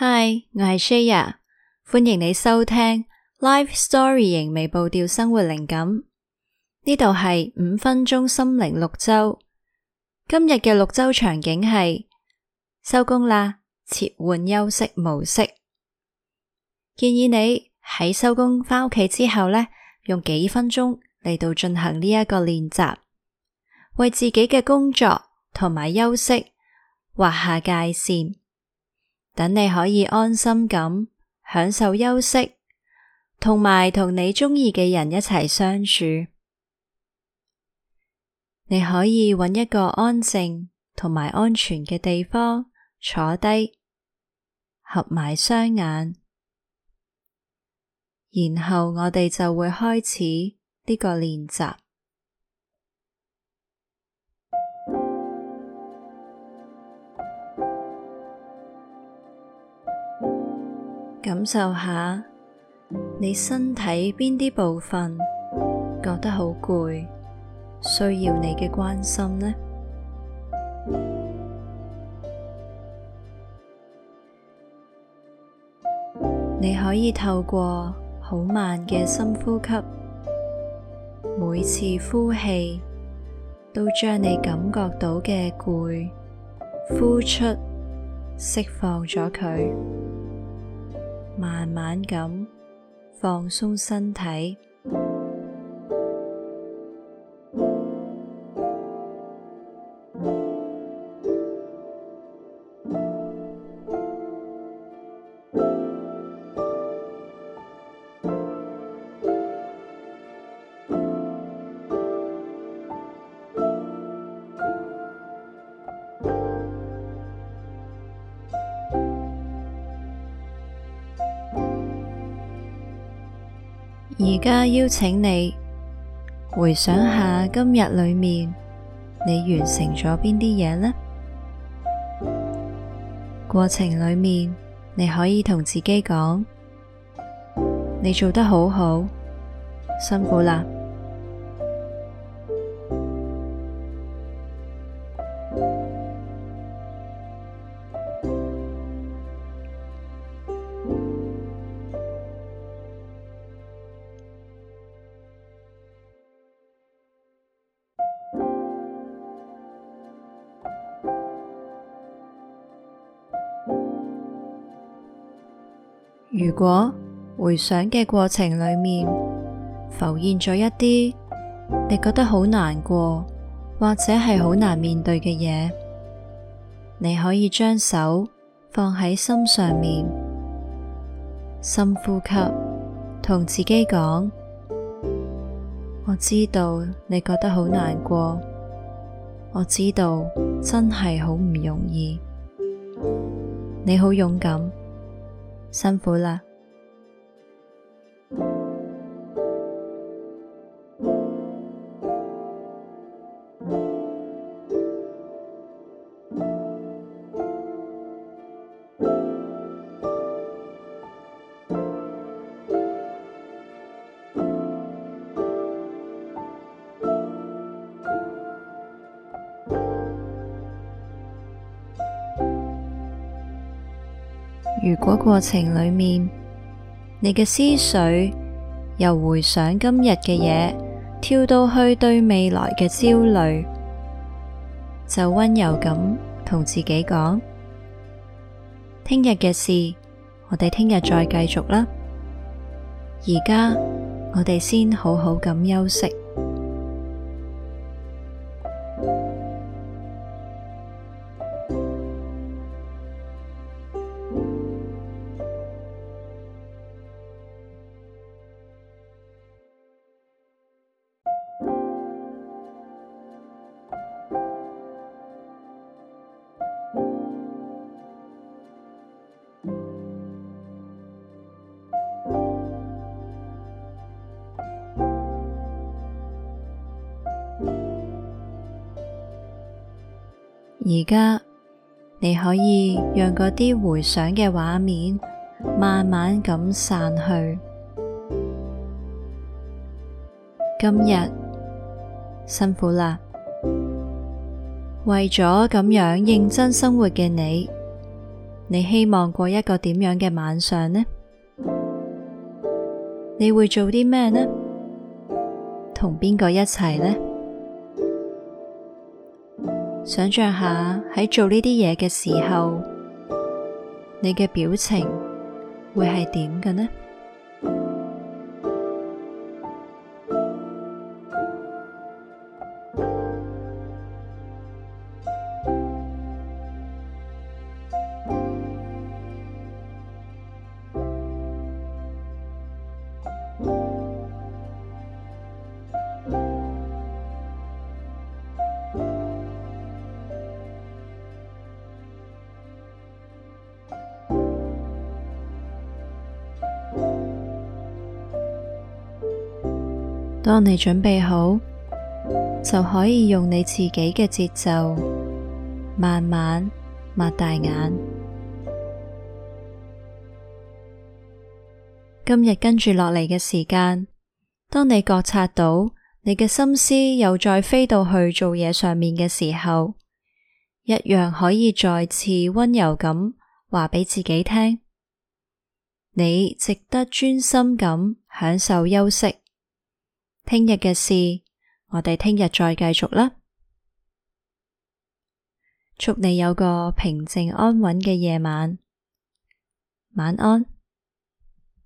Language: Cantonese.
hi，我係 s h i y a 歡迎你收聽 Life Story 型微步調生活靈感，呢度係五分鐘心靈綠洲。今日嘅綠洲場景係收工啦，切換休息模式。建議你喺收工翻屋企之後呢，用幾分鐘嚟到進行呢一個練習，為自己嘅工作同埋休息劃下界線。等你可以安心咁享受休息，同埋同你中意嘅人一齊相處。你可以揾一個安靜同埋安全嘅地方坐低，合埋雙眼，然後我哋就會開始呢個練習。感受下你身體邊啲部分覺得好攰，需要你嘅關心呢？你可以透過好慢嘅深呼吸，每次呼氣都將你感覺到嘅攰呼出，釋放咗佢。慢慢咁放鬆身體。而家邀請你回想下今日裏面，你完成咗邊啲嘢呢？過程裏面，你可以同自己講，你做得好好，辛苦啦。如果回想嘅過程裏面浮現咗一啲你覺得好難過或者係好難面對嘅嘢，你可以將手放喺心上面，深呼吸，同自己講：我知道你覺得好難過，我知道真係好唔容易。你好勇敢。辛苦啦！如果過程裏面，你嘅思緒由回想今日嘅嘢，跳到去對未來嘅焦慮，就溫柔咁同自己講：「聽日嘅事，我哋聽日再繼續啦。」而家我哋先好好咁休息。而家你可以讓嗰啲回想嘅畫面慢慢咁散去。今日辛苦啦，為咗咁樣認真生活嘅你，你希望過一個點樣嘅晚上呢？你會做啲咩呢？同邊個一齊呢？想象下喺做呢啲嘢嘅時候，你嘅表情會係點嘅呢？當你準備好，就可以用你自己嘅節奏，慢慢擘大眼。今日跟住落嚟嘅時間，當你覺察到你嘅心思又再飛到去做嘢上面嘅時候，一樣可以再次温柔咁話俾自己聽：你值得專心咁享受休息。聽日嘅事，我哋聽日再繼續啦。祝你有個平靜安穩嘅夜晚。晚安。